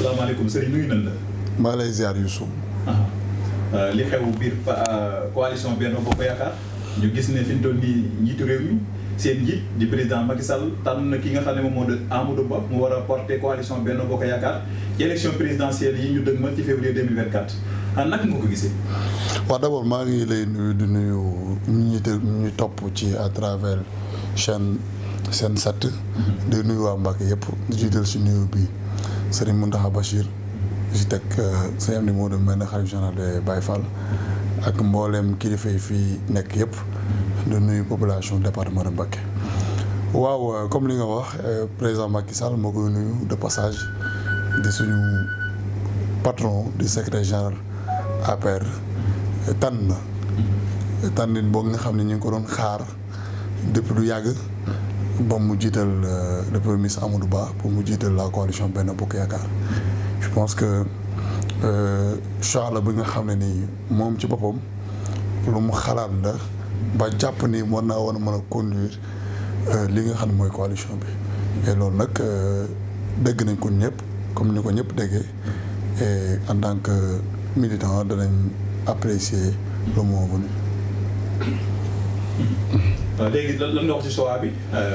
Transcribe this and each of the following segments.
salaamaaleykum sëriñ nuyu nan la. maa lay ziar Youssou. Ah, li xew biir ah, coalition benn Bokk Yaakaar ñu gis ne fi ñu toll nii njiitu réew mi seen njiit di président Macky Sall tànn na ki nga xam ne moom moo di Amadou Ba mu war a porter coalition benn Bokk Yaakaar ci élection présidentielle yi ñu dëgmal ci février 2024 ah naka nga ko gisee. waaw d'abord maa ngi lay nuyu di nuyu ñi ñu topp ci à travers chaîne Sen7. Mhm. di nuyu waa Mbacke yëpp di jiital si nuyu bi. Serigne Moundaha Bachir si teg euh, sëñ Amdi Moodu mel xarit général de Baye ak mbollem kilifa fi nek yep de nuyu population département de Mbacké waaw euh, comme li nga wax euh, président Macky Sall moo koy nuyu de passage de suñu patron du secrétaire général APR tan tànn boo nga xamni ñu ko doon xaar depuis du yàgg ba mu jiital euh, le premier ministre Amadou pour mu la coalition Ben Bokk Yaakaar je pense que euh, Charles bi nga xam ne nii moom ci boppam lu mu xalaat la ba jàpp ni war naa war a mën a conduire euh, li nga xam ne coalition bi et loolu nag euh, dégg nañ ko ñëpp comme ni ko ñëpp déggee et en tant que militant danañ apprécier le moment venu Euh, léegi lan nga wax ci choix bi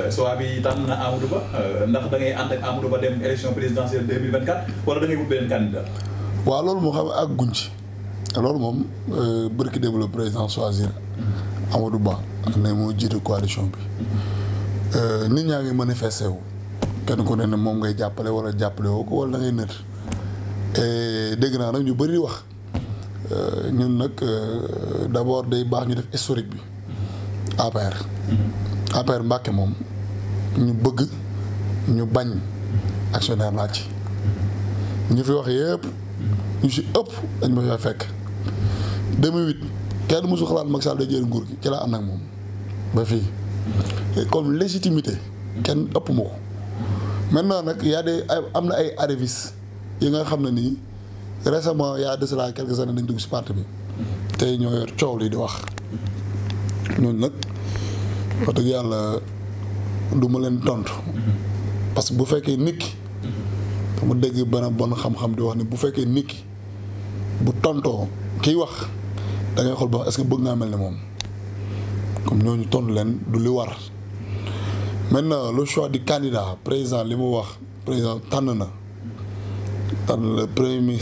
choix euh, bi tànn na Amadou Ba euh, ndax da ngay ànd ak Amadou Ba dem élection présidentielle 2024 wala da ngay wut beneen candidat. waaw loolu moo xam ak gunc ci loolu moom bërki démb le président choisir Amadou Ba ne moo jiite coalition bi nit ñaa ngi manifesté wu kenn ku ne ne moom ngay jàppale wala jàppale woo ko wala da ngay nët et dégg naa nag ñu bëri wax ñun nag d'abord day baax ñu def historique bi. APR. APR Mbàkke moom ñu bëgg ñu bañ actionnaire laa ci ñu fi wax yëpp ñu si ëpp dañ ma fay fekk 2008 kenn mosul xalaat Macky Sall day jël nguur gi ci laa am nag moom ba fii comme légitimité kenn ëpp ma ko maintenant nag y a des am na ay arrivistes yi nga xam ne ni récemment y a de cela quelques années dugg si part bi tey ñoo yor coow lii di wax noonu nag wax dëgg yàlla du ma leen tontu. parce que bu fekkee nit ki. dama dégg benn bon xam-xam di wax ni bu fekkee nikki bu tontoo kiy wax da xol xool ba est-ce que bëgg naa mel ni moom comme ñooñu tontu leen du li war. maintenant lu choix du candidat président li mu wax président tànn na tànn le premier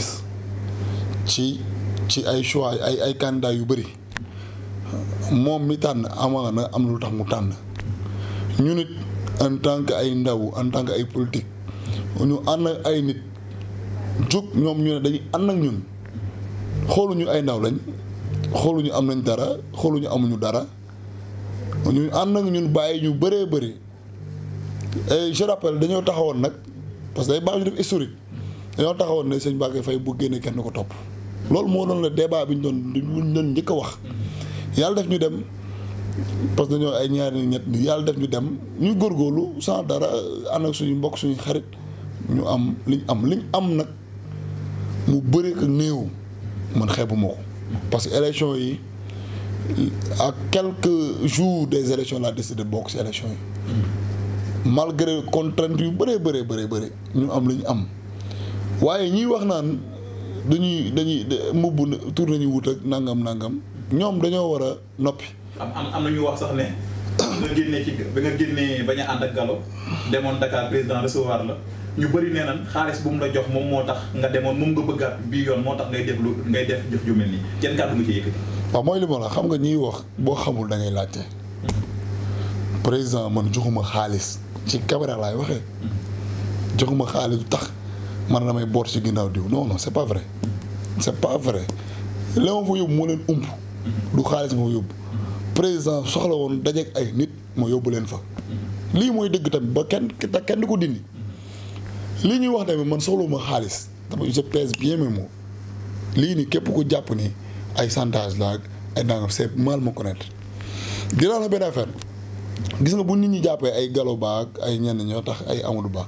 ci ci ay choix ay ay candidats yu bëri. moom mi tànn amaana am lu tax mu tànn ñu nit en tant ay ndaw en tant que ay politique ñu ànd ak ay nit jóg ñoom ñu ne dañuy ànd ak ñun ñu ay ndaw lañ xooluñu am nañ dara xooluñu amuñu dara ñu ànd ak ñun bàyyi ñu bëree bëri et je rappelle dañoo taxawoon nag parce que day baax ñu def historique dañoo taxawoon ne sëñ Mbacké fay bu génnee kenn ko topp loolu moo doon la débat bi ñu doon ñu doon njëkk a wax. yàlla def ñu dem parce que dañoo ay ñaari ñett yàlla def ñu dem ñu góorgóorlu sans dara ànd ak suñu mbokk suñu xarit ñu am liñ am liñ am nag mu bëri ak néew man xeebuma ko parce que élection yi ak quelque jours des élections laa décidé bokk si élection yi malgré contraintes yu bëree bëree bëree bëri ñu am li ñu am waaye ñi wax naan dañuy dañuy mbubb tour nañu wut ak nangam nangam ñom sommes wara Nous avons am am ñu wax sax ne. nga génnee ci ba nga de ak galo démon Dakar président recevoir la ñu bari de nan bu mu la jox nga démon mom nga Nous bi yoon motax ngay def lu ngay def jëf ju ci la xam nga ñi wax bo xamul da ngay président man joxuma xaaliss ci caméra waxé joxuma xaaliss tax man bor ci non non c'est pas vrai c'est pas vrai Léon ma du xaalis moo yóbbu président soxla woon dajeeg ay nit moo yóbbu leen fa lii mooy dëgg tamit ba kenn kenn du ko dindi lii ñuy wax tamit man soxlawuma xaalis dama je pèse bien mes lii nii képp ku jàpp ni ay chantage la ak ay nangam c'est mal me connaître dinaa la benn affaire gis nga bu nit ñi jàppee ay Gallo Ba ak ay ñenn ñoo tax ay Amadou Ba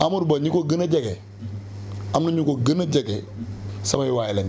Amadou Ba ñi ko gën a jege am na ñu ko gën a jege samay waay lañ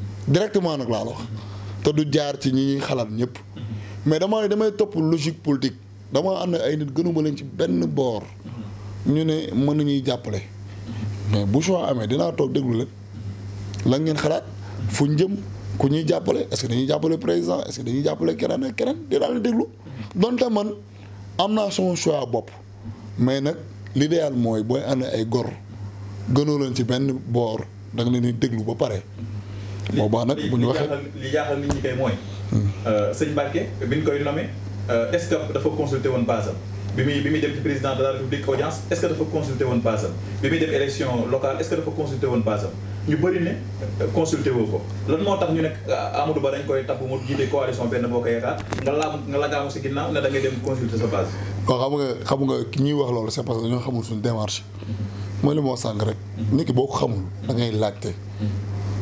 directement nag laa la wax te du jaar ci ñi ñuy xalaat ñëpp mais dama ne damay topp logique politique dama ànd ay nit gënuma leen ci benn boor ñu ne mën nañuy jàppale mais bu choix amee dinaa toog déglu leen la ngeen xalaat fu ñu jëm ku ñuy jàppale est-ce que dañuy jàppale président est-ce que dañuy jàppale keneen ak keneen dinaa leen déglu donte man am naa suma choix bopp mais nag l'idéal mooy booy ànd ay gor gënoo leen ci benn boor da nga leen di déglu ba pare boobaa nag bu ñu waxee li jaaxal nit ñi kay mooy. Euh, sëñ Mbacke bi ñu koy nommé euh, est-ce que dafa consulter woon base? bi muy bi muy dem ci président de la république audience est-ce que dafa consulter woon base? bi muy dem élection locale est-ce que dafa consulter woon basam ñu bëri ne euh, consulter woo ko lan moo tax ñu nekk Amadou Ba dañ koy tabb mu jiite coalition benn boo ko yaakaar nga laam nga langaamu si ginnaaw ne da ngay dem consulter sa base. waaw xam nga xam nga ki ñuy wax loolu c'est parce que dañoo xamul suñu démarche. Mm-hmm. mooy li moo rek. Mm-hmm. nit ki boo ko xamul da ngay laajte.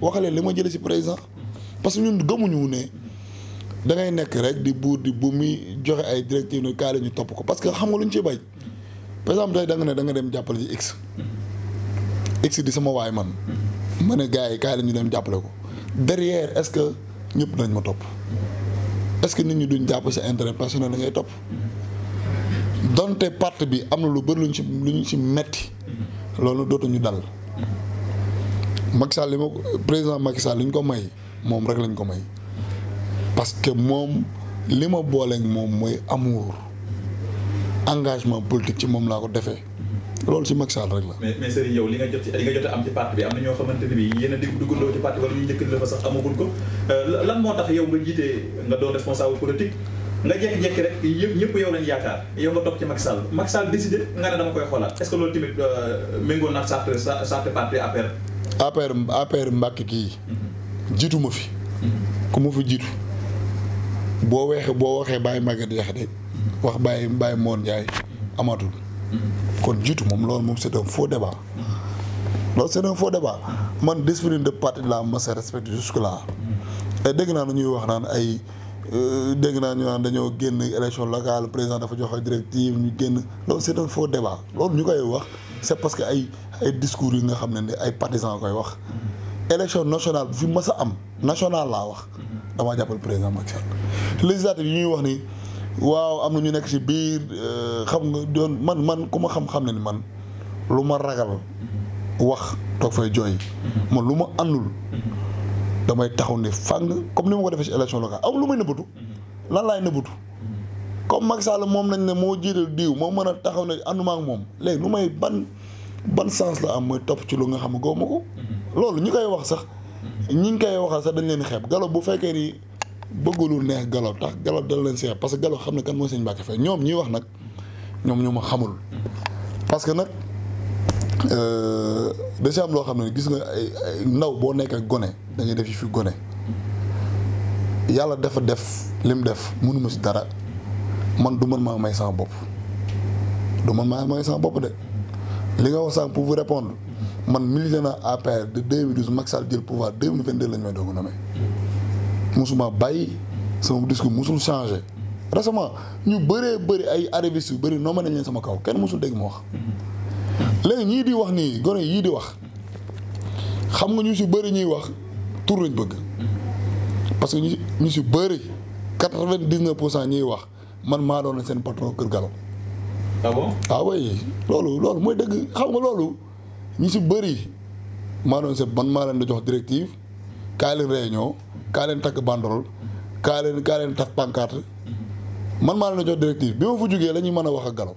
waxalee li ma jëlee si président parce que ñun gëmuñu ne da ngay nekk rek di buur di bu muy joxe ay directives ne kaale ñu topp ko parce que xam nga lu ñu ciy bay par exemple tey da ne da dem jàppale ci x x di sama waay man ma ne gars yi kaale ñu dem jàppale ko derrière est-ce que ñëpp nañ ma topp est que nit ñi duñ jàpp sa intérêt personnel da ngay topp donte parti bi am na lu bëri luñ ci luñ ci metti loolu dootuñu dal Macky Sall li ma président Macky Sall li ñu ko may moom rek lañ ko may parce que moom li ma booleeg moom mooy amour engagement politique ci moom laa ko defee loolu ci Macky Sall rek la. mais mais Serigne li nga jot ci li nga jot ne bii yéen a duggandoo ci parti euh, moo yow nga jiitee nga doon responsable politique nga jékki-jékki rek yëpp ñëpp yow lañ yow nga topp ci Macky Sall Macky Sall décidé nga ne dama koy xoolaat est-ce que loolu tamit euh, méngoo na ak charte charte parti APR. APR APR Mbàkke kii jiitu ma fi ku ma fi jiitu boo weexee boo waxee bàyyi Maguette Diakhaté wax bàyyi bàyyi Moon Ndiaye amatul kon jiitu moom loolu moom c'est un faux loolu c'est un faux man discipline de parti la ma sa respecté jusque là ay dégg naa nu ñuy wax naan ay Euh, dégg naa ñu naan dañoo génn élection locale président dafa joxe directive ñu génn loolu c'est foo faux débat loolu ñu koy wax c'est parce que ay ay discours yi nga xam ne ne ay partisans koy wax élection nationale bu fi mës a am nationale laa wax damaa jàppal président Macky Sall législative yu ñuy wax ni waaw am na ñu nekk si biir euh, xam nga doon man man ku ma xam-xam ne ni man lu ma ragal wax toog fay jooy man lu ma àndul damay taxaw ne fàng comme ni ma ko defee si élection locale aw lu may nëbbatu lan laay nëbbatu comme Macky Sall moom nañ ne moo jiital diw moo mën a taxaw ne ànduma ak moom léegi lu may ban ban sens la am mooy topp ci lu nga xam ne góob ma ko. loolu ñi koy wax sax ñi ngi koy waxal sax dañ leen xeeb galo bu fekkee ni bëggulu neex galo tax galo dal leen see parce que galo xam ne kan mooy seen Mbàkke Faye ñoom ñuy wax nag ñoom ñu ma xamul parce que nag. Euh, si am loo Je gis nga ay ndaw gone def fi gone yalla dafa def lim def dara man du man bob, may sama bop du man sama bop de li nga wax pour vous répondre man milité APR de 2012 Maxal pouvoir 2022 lañ may do a musuma sama discours musul changé récemment ñu bëré bëri ay arrivistes Je bëri nañ sama kaw kenn musul dégg ma wax léegi ñii di wax nii gone yii di wax xam nga ñu si bëri ñuy wax tur lañ bëgg parce que ñu ñu si bëri quatre-vingt-dix-neuf pour cent ñuy wax man maa doon seen patron Kër Galon. ah bon ah loolu loolu mooy dëgg xam nga loolu ñu si bëri maa doon seen man maa leen di jox directive kaa leen réunion kaa leen takk banderole kaa leen kaa leen taf pancarte man maa leen di jox directive bi ma fu jugee la ñuy mën a wax ak Galon.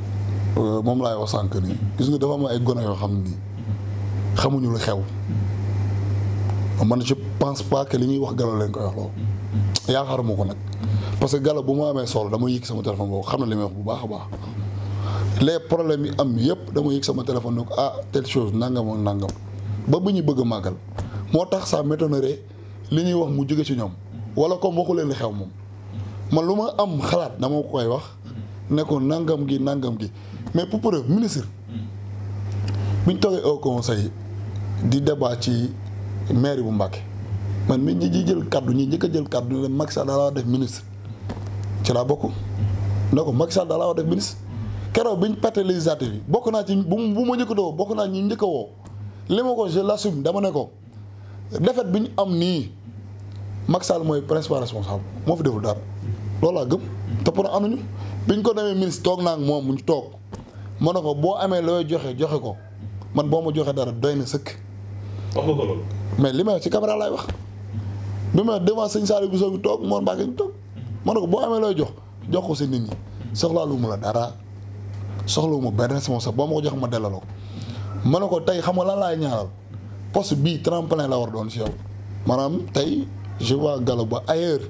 Euh, moom laay wax sànq nii gis nga dafa am ay gone yoo xam nii xamuñu lu xew man je pense pas que li ñuy wax galo leen koy wax loolu yaakaaruma ko nag parce que galo bu mu amee solo dama yëg sama téléphone boobu xam na li may bu baax a baax les problèmes yi am yëpp dama yëg sama téléphone ne ko ah telle chose nangam ak nangam ba bu ñu bëgg a màggal moo tax ça m'étonnerait li ñuy wax mu jóge ci ñoom wala comme waxu leen xew moom man lu ma am xalaat dama koy wax nekkoon ko nangam gi nangam gi mais pour preuve ministre bi ñu toogee au conseil di débat ci mairie bu Mbacké man mi ñi jël kaddu ñi njëkk jël kaddu ne Macky Sall daa la def ministre ci laa bokk ne la def ministre keroog bi ñu perte yi bokk naa ci ma njëkk a bokk naa ñi njëkk woo li ma dama ne ko defet bi ñu am nii Macky mooy principal responsable moo fi deful dara loolu laa gëm. te pour amuñu biñ ko demee ministre tok nak mom moom tok monako bo amé loy joxé joxé ko man boma joxé dara doyna seuk sëkk. ko loolu. mais limay ci caméra lay wax bima devant seigne Saliou Bousso bi toog Mor Mbacké ñu toog ma ne ko boo jox jox ko si nit ñi soxlaaluma la dara soxlawuma ben responsable boma ko jox ma delloo monako tay ne ko tey xam nga lan laay ñaanal poste bi tremplin la war doon ci yow manam tay je vois galo Ba ailleurs.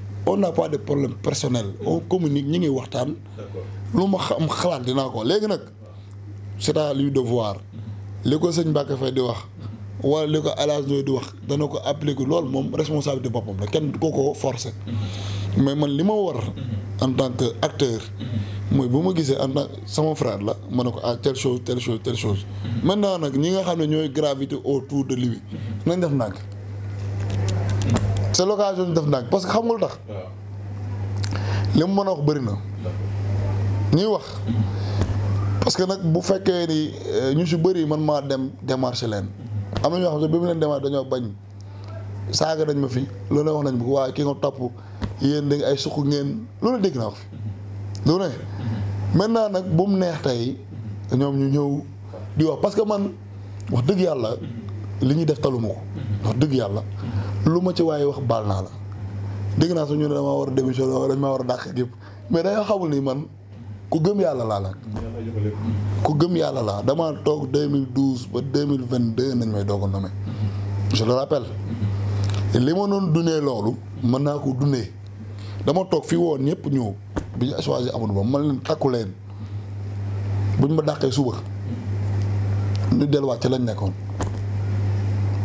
on n'a pas de problème personnel. Mm. on communique ñu ngi waxtaan. lu ma xam xalaat dinaa ko léegi nag c'est à lui de voir mm-hmm. li ko sëñ Mbacke Faye di wax wala li ko alaas nooy di wax dana ko appliquer loolu moom responsabilité boppam la kenn ko ko forcer. Mm-hmm. mais man que ma war mm-hmm. en tant que acteur mooy bu ma en tant sama frère la me disais ah telle chose telle chose telle chose maintenant nag ñi nga xam ne ñooy gravité autour de lui nañ def nag c'est l'occasion ñu def ndànk parce que xam nga lu tax. li mu mën a wax bëri na. ñuy wax. parce que nag bu fekkee ni euh, ñu si bëri man maa dem démarché leen. am na ñoo xam ne bi mu leen démarché dañoo bañ saaga dañ ma fi loolu wax nañ ko waaye ki topp yéen da ay suq ngeen loolu dégg naa nag bu mu neex tey ñoom ñu ñëw di wax parce que man wax dëgg yàlla li ñuy def taluma ko wax dëgg yàlla. lu ma ci waaye wax baal naa la dégg naa suñu ne damaa war a démissionné dañ maa war a dàq yëpp mais dañoo xamul ni man ku gëm yàlla laa nag ku gëm yàlla laa damaa toog 2012 ba 2022 nañ may doog a nommé je li ma doon dundee loolu mën naa ko dundee dama toog fi woon ñëpp ñëw bi ñu choisir Amadou Ba man leen takku leen buñ ma dàqee suba ñu delluwaat ci lañ nekkoon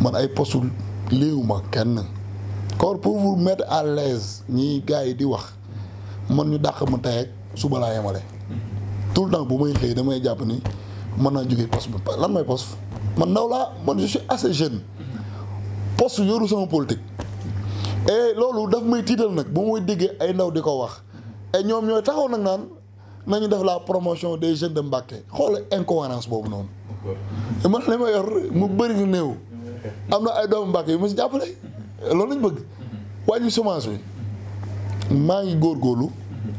man ay postul léewuma kenn koor pour vous mettre à l'aise ni gars di wax man ñu dàq mu tay ak suba la yemale tout le temps bu may xëy damay japp ni man na jógee poste lan may poste man ndaw laa man je suis assez jeune poste yoru sama politique et lolu daf may tiital nak bu moy déggee ay ndaw diko wax et ñom ñoy taxaw nak nan nañu def la promotion des jeunes de Mbacké xoolal incohérence boobu noonu man li ma yor mu bëri ñu am na ay doomu Mbàkke yu mu si jàppale loolu lañ bëgg wàññi semence bi maa ngi góor góorlu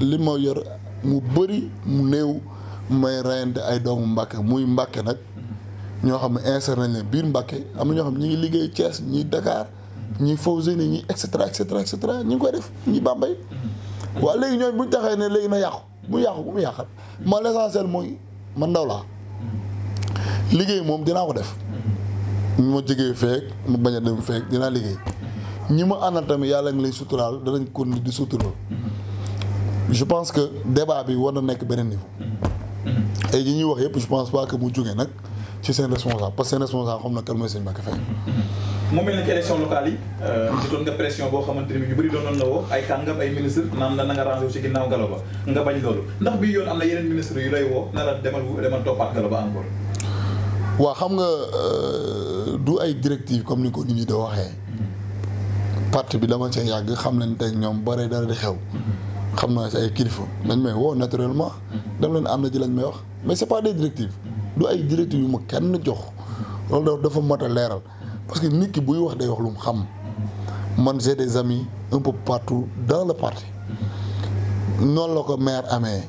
li ma yor mu bëri mu néew may reyante ay doomu Mbàkke muy Mbàkke nag ñoo xam ne insérer nañ biir Mbàkke am na ñoo xam ñi ngi liggéey Thiès ñu Dakar ñi Fawzeyni ñi ñu cetera et cetera ñu ngi koy def ñi Bambey waaw léegi ñooñ buñ taxee ne léegi na yàqu bu yàqu bu mu yàqal ma l'essentiel mooy man ndaw laa liggéey moom dinaa ko def mu ma jógee feek mu bañ a dem feek dinaa liggéey ñi ma àndal tamit yàlla ngi lay suturaal danañ ko nit di suturaal je pense que débat bi war na nekk beneen niveau ay yi ñuy wax yëpp je pense pas que mu jógee nag ci seen responsable parce seen responsable xam na kan mooy sëñ Mbacké Faye mu mel ni ci élection locale yi doon euh, nga pression boo xamante ni ñu bëri doon nañ la woo ay kàngam ay ministre naan na nga rangé ci ginnaaw Gallo Ba nga bañ loolu ndax bii yoon wa xam nga euh, du ay directive comme ni ko nit ñi da waxee parti bi dama cee yàgg xam leen tey ñoom bare dara di xew xam na ay kilifa dañ may wo naturellement dem leen am na ji lañ may wax mais c'est pas des directives du ay directives yu ma kenn jox lolou dafa mata leral parce que nit ki buy wax day wax lu mu xam man j'ai des amis un peu partout dans le parti Non, la ko maire amé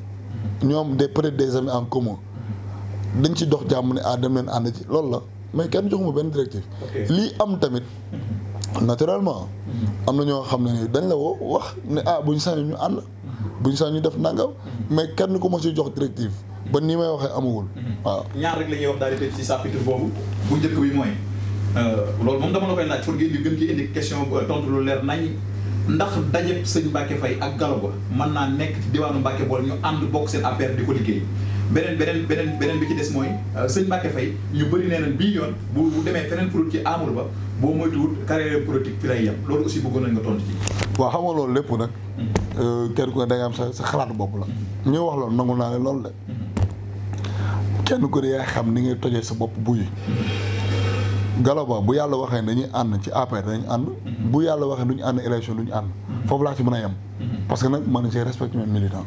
ñom des près des amis en commun dañ ci dox jàmm ne ah dem leen ànd ci lool la mais kenn joxuma benn directive lii am tamit naturellement am na ñoo xam ne dañ la woo wax ne ah bu ñu sañoon ñu ànd bu ñu sañoon ñu def nangam mais kenn ku ma si jox directive ba nii may waxee amuwul waaw ñaar rek la ñuy wax daal di tëj ci chapitre boobu bu njëkk bi mooy euh, loolu moom dama la koy laaj pour ngeen di gën ci indi question tontu lu leer nañ ndax dajeb sëñ Mbacke Faye ak Galo ba mën naa nekk ci diwaanu Mbacke bool ñu ànd bokk seen affaire di ko liggéey beneen beneen beneen beneen bi ci des mooy euh, sëñ Mbacke Faye ñu bëri nee nañ bii yoon bu bu demee feneen kuréel ci amul Ba boo moytuwul carrière politique fi lay yem loolu aussi bëggoon nañ nga tontu ci. waaw xam loolu lépp nag. Hmm. Euh, kenn ku ne da am sa sa xalaat bopp la. Hmm. ñu wax loolu nangu naa ne loolu la. Hmm. kenn ku xam ni ngay tojee sa bopp buy. Galaba bu yàlla waxee nañu ànd ci après dañuy ànd. bu yàlla waxee duñu ànd élection duñu ànd. foofu laa ci mën a yem. parce que nag man j'ai respecté mes militants.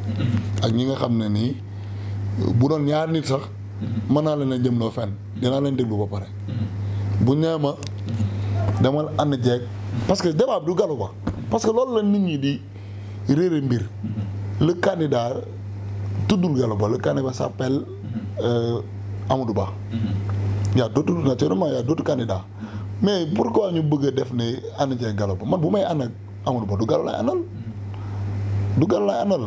ak ñi nga xam ne nii. bu doon ñaar nit sax mën naa leen a jëm noo fenn dinaa leen déglu ba pare bu ñëwee ma demal ànd jeeg parce que débat du galu ba parce que loolu la nit ñi di réere mbir le candidat tuddul galu ba le candidat s'appelle euh, Amadou Ba yaa dootul naturellement yaa dootul candidat mais pourquoi ñu bëgg def ni ànd jeeg galu ba man bu may ànd ak Amadou Ba du galu laay àndal du galu laay àndal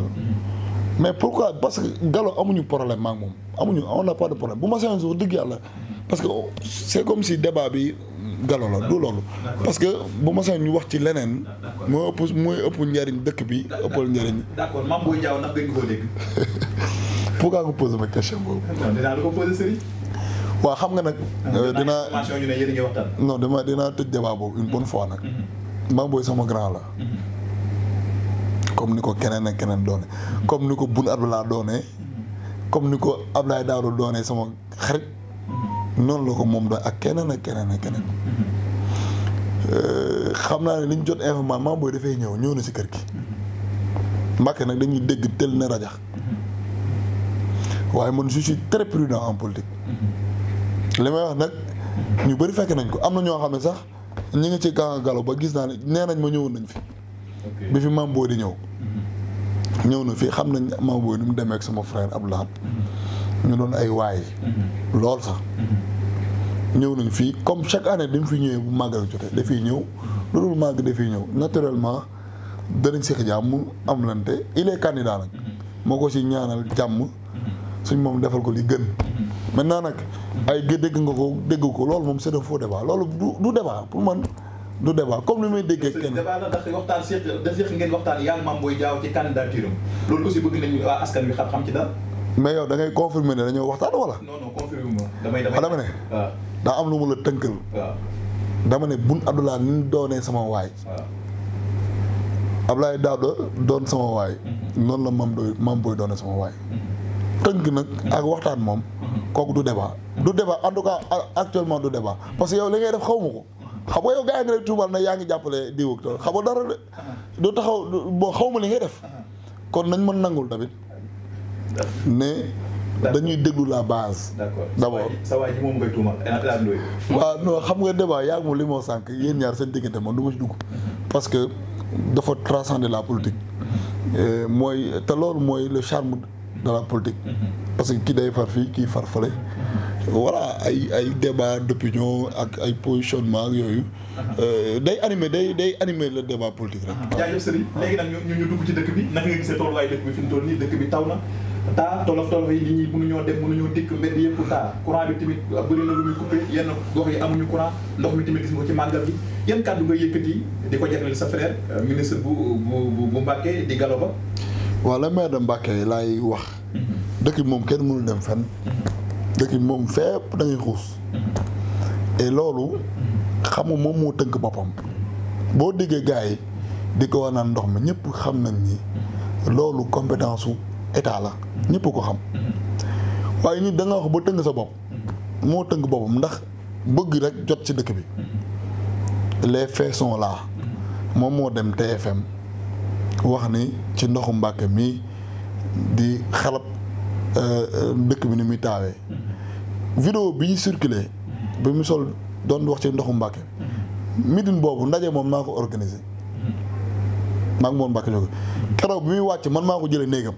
mais pourquoi parce que Gallo amuñu problème maak moom amuñu on n'a pas de problème bu ma seen suuf dëgg yàlla parce que c'est comme si débat bi Gallo la du loolu parce que bu ma seen ñu wax ci leneen moo ëpp mooy ëpp njariñ dëkk bi ëppal njariñ d'accord Mame Boye Diao ndax dégg nga ko dégg pourquoi nga posé ma question boobu dinaa xam nga nag euh, dinaa non dama dinaa tëj débat boobu une bonne fois nag mhm. Mame Boye sama grand la mhm. comme ni ko keneen ak keneen doone comme ni ko Boun laa doone comme ni ko Abdoulaye Daouda doone sama xarit noonu la ko moom doon ak keneen ak keneen ak keneen euh, xam naa ne li jot information booy dafay ñëw ñëw na si kër gi Mbàkke nag dañuy dégg tel na rajax waaye man je suis en politique li may wax nag ñu bëri fekk nañ ko am na ñoo xam ne sax ñu ngi ci gànga galo ba gis naa ne nee nañ ma ñëwoon nañ fi bi fi Mame Boye di ñëw. Mm-hmm. ñëw na fii xam nañ Mame Boye ni mu demee ak sama frère Abdoulaye. Mm-hmm. ñu doon ay waay. Mm-hmm. lool sax. ñëw nañ fii comme chaque année mu fi ñëwee bu màggal jotee dafiy ñëw. lu dul màgg ñëw naturellement danañ seq jàmm mu am lante il est candidat moo ko si ñaanal jàmm. suñ moom defal ko li gën. maintenant nag ay dégg nga ko dégg ko loolu moom c'est un faux débat loolu du du pour man. du débat comme ni may déggee kenn. débat la ndax waxtaan seq seq loolu aussi bëgg nañu waa askan xam-xam ci dara. mais yow dangay ngay confirmer ne dañoo waxtaan wala. non non confirmer ma damay damay. Ah, dama ne daa am lu mu la tënkal. dama ne Boun Abdallah ni mu doonee sama waay. Ablaye Daouda doon sama waay mhm. noonu la Mame Boye Mame Boye doone sama waay mhm. tënk nag mhm. ak waxtaan moom kooku du débat du débat en tout cas actuellement du débat parce que yow li ngay def xaw ma ko xam nga yow gars yi nga lay na yaa ngi jàppale diw ak tool xam nga dara de du taxaw boo xaw ma li ngay def kon nañ mën nangul tamit ne dañuy déglu la base d'abord sa waay ji moom ngay tuumaal waaw non xam nga débat yaa ngi mu li moo sànq yéen ñaar seen diggante man du ma ci parce que dafa transcender la politique euh, mooy te loolu mooy le charme dans la politique. Mhm. parce que kii day far fii kii far fële. Mhm. voilà ay debaa débat d'opinion ak ay positionnement yooyu. Mhm. Euh, day animer day day animer le débat politique rek. Ah, jaajëf Serigne ah. léegi ñu ñu dugg ci dëkk bi naka nga gisee tolluwaay dëkk toll nii dëkk bi taw na. taa tolof tolof yi nit ñi mënuñoo dem mënuñoo dikk mbedd yëpp taa courant bi tamit bëri na lu muy coupé yenn gox yi ñu courant ndox mi tamit gis nga ci màggal bi yan kàddu nga yëkkati di ko jagleel sa frère euh, ministre bu bu bu di Galo Ba. waaw le maire de Mbacké wax dëkk bi moom kenn mënul dem fen dëkk bi moom fépp da xuus. et loolu xamu moom moo tënk boppam. boo diggee gars yi di ko wax naan ndox mi ñëpp xam nañ ni loolu compétence su état la ñëpp ko xam. waaye nit da wax ba tënk sa bopp. moo tënk boppam ndax bëgg rek jot ci dëkk bi. les faits sont moom moo dem TFM wax ni ci ndoxu Mbàkke mi di xalab euh, euh, dëkk bi ni muy taawee. vidéo bi ñu circulé. bi mu sol doon wax ci ndoxu Mbàkke. mitin boobu ndaje moom maa ko organisé. maa ngi woon Mbàkke jóge keroog bi muy wàcc man maa ko jëlee néegam.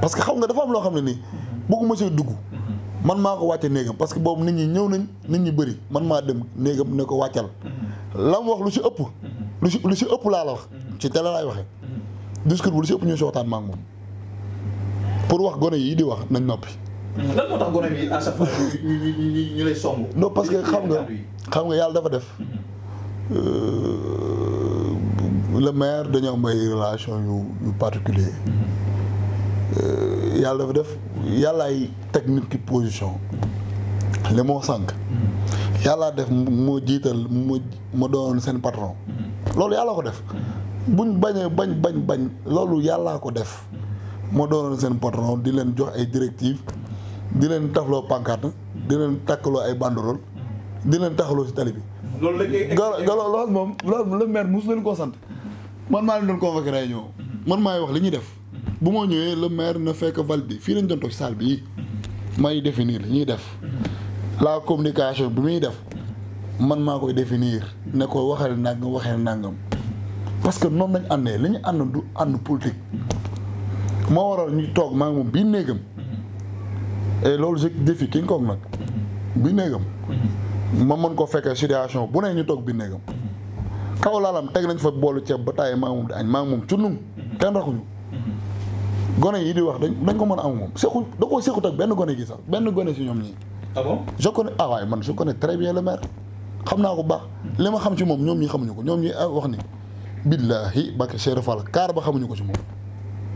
parce que xam nga dafa am loo xam ne nii bëgguma see dugg. man maa ko wàcce néegam parce que boobu nit ñi ñëw nañ nit ñi bëri man maa dem néegam ne ko wàccal la mu wax lu si ëpp lu si lu si ëpp laa la wax ci télé laay waxee discours bu lu si ëpp ñu si waxtaan maa ngi pour wax gone yi di wax nañ noppi. lan moo tax gone parce que xam nga xam nga yàlla dafa def. Mm-hmm. Euh, le maire dañoo am ay relation yu yu particulier mm-hmm. euh, yàlla dafa def yàllaay teg nit ki position. li moo sànq. Mm-hmm. yàllaa def mu jiital mu mu doon seen patron. loolu yàlla ko def. buñ bañee bañ bañ bañ loolu yàllaa ko def. moo doonoon seen patron di leen jox ay directives di leen tafloo pancarte di leen takkaloo ay banderole di leen taxaloo si tali bi. loolu la galo loolu moom loolu le maire mosu leen koo sant man maa leen doon convoqué ay ñëw man maay wax li ñuy def bu ma ñëwee le maire na fekk validé fii lañ doon toog si salle bii may définir li ñuy def la communication bi muy def man maa koy définir ne ko waxal nangam waxee nangam parce que noonu lañ àndee li ñu ànd du ànd politique. moo waral ñu toog maa ngi moom bii néegam loolu je défi King Kong nag bii néegam ma man ko fekkee situation bu ne ñu toog bii néegam kaw laalam teg nañ fa boolu ceeb ba tàyyi maa ngi moom di añ maa ngi moom cunnum kenn raxuñu gone yi di wax dañ dañ ko mën a am moom sequ da koo sequt ak benn gone gi sax benn gone si ñoom ñii ah bon je connais ah waaye man je connais très bien le maire xam naa ko baax li ma xam si moom ñoom ñi xamuñu ko ñoom ñi wax ni billaahi bàkke Cheikh Fall kaar ba xamuñu ko ci moom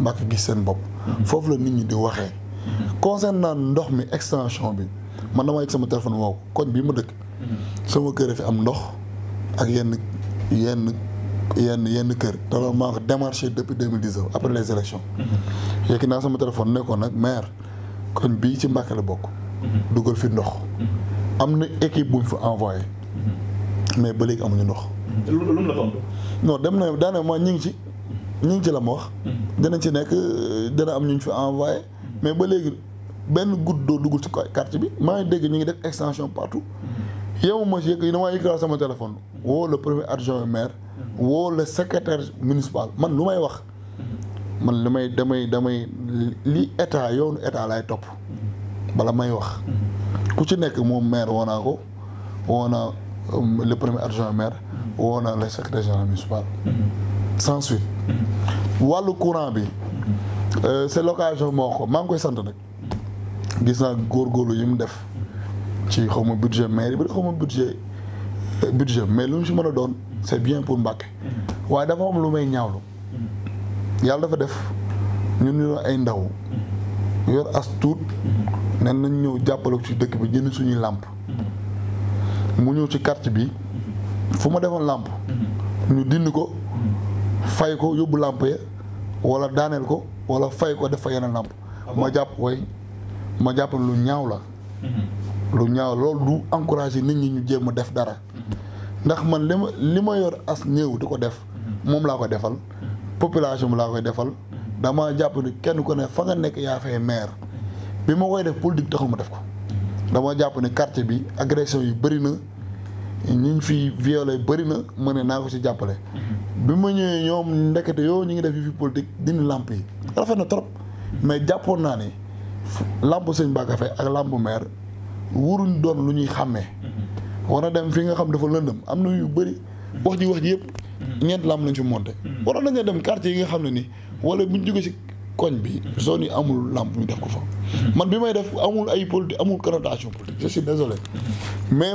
Mbàkke gis seen bopp. foofu la nit ñi di waxee. concernant ndox mi extension bi man dama yegg sama téléphone woo koñ bi mu dëkk. sama kër fi am ndox ak yenn yenn yenn yenn kër te loolu maa démarché depuis deux après les élections. yegg na sama téléphone nekkoon nak maire koñ bi ci Mbàkke la bok dugal fi ndox. amna équipe bu fi envoyé. mais ba léegi amuñu ndox. lu la tontu. non dem na daanaka ma ñu ngi ci ñu ci la wax. Mm-hmm. dinañ ci nek dina am ñu fi envoyer mm-hmm. mais ba légui ben goutte d'eau duggul ci carte bi ma ngi dégg ñu ngi def extension partout. Mm-hmm. yow ma si yëg damaa yëkkataal sama téléphone. wo le premier adjoint maire. wo le secrétaire municipal man lumay wax. man limay damay damay li état yoonu état lay top bala may wax. ku ci nek moom maire woo naa ko woo um, le premier adjoint maire. on a le secrétaire général municipal. sans suite. wàllu courant bi euh, c'est l'occasion moo ko maa ngi koy sant nag gis naa góorgóorlu yi mu def ci xaw ma budget mairie xaw ma budget euh, budget mais lu mu si mën a doon c'est bien pour Mbacké waaye dafa am lu may ñaawlu yàlla dafa def ñun ñu ay ndaw yor as tuut nen nañ ñëw jàppale ci dëkk bi jënd suñuy làmp mu ñëw ci kart bi fu ma defoon làmp ñu dindi ko fay ko yóbbu làmp ya wala daaneel ko wala fay ko def fa yeneen làmp ah ma jàpp way ma jàpp lu ñaaw la mhm. lu ñaaw loolu du encouragé nit ñi ñu jéem a def dara mhm. ndax man li ma li ma yor as néew di ko def mhm. moom laa ko defal population bi laa koy defal dama jàpp ni kenn ku ne fa nga nekk yaa fay maire bi ma koy def politique taxul ma def ko dama jàpp ni quartier bi agression yu bëri na ñu ngi fi violé bari na ma naa ko si jàppale. bi ma ñëwee ñoom ndekete yoo ñu ngi def fi politique dindi làmp yi. rafet na trop mais jàppoon naa ni làmp sëñ Mbacke ak làmp maire wuruñ doon lu ñuy xàmmee. war a dem fi nga xam dafa lëndëm am na yu bëri. wax ji wax ji yëpp. ñeent làmp lañ ci monté. waroon nañu dem quartier yi nga xam ne nii wala buñ jógee si koñ bi zone yi amul làmp ñu def ko fa. man bi may def amul ay politique amul connotation politique je suis désolé mais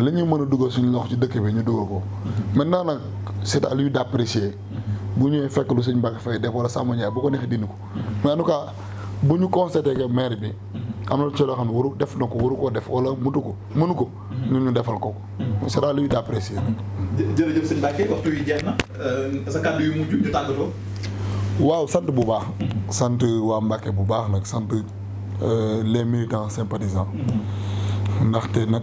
li ñu mën a dugal suñu loxo ci dëkk bi ñu dugal ko maintenant nag c'est à lui d'apprécier bu ñëwee fekk lu suñ Mbacke Faye def wala Samba Ndiaye bu ko neexee dindi ko mais en tout cas bu ñu constaté que maire bi am na ci loo xam ne waru def na ko waru koo def wala mutu ko mënu ko ñun ñu defal ko c'est à lui d'apprécier nag jërëjëf sëñ euh, waaw sant bu baax sant waa Mbacke bu baax nag sant euh, les militants sympathisants mm-hmm. ndaxte nag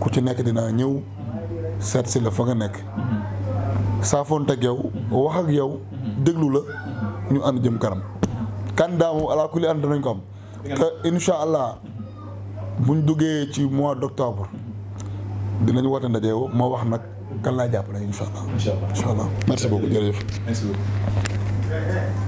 ku ci nekk dinaa ñëw seet si la fa nga nekk saafoonte ak yow wax ak yow déglu la ñu ànd jëm karam candidat moom alaa kulli ànd danañ ko am te incha allah buñ duggee ci mois d' octobre dinañ woote ndaje ma wax nag kan laa jàppale incha allah incha allah merci booku jërëjëf merci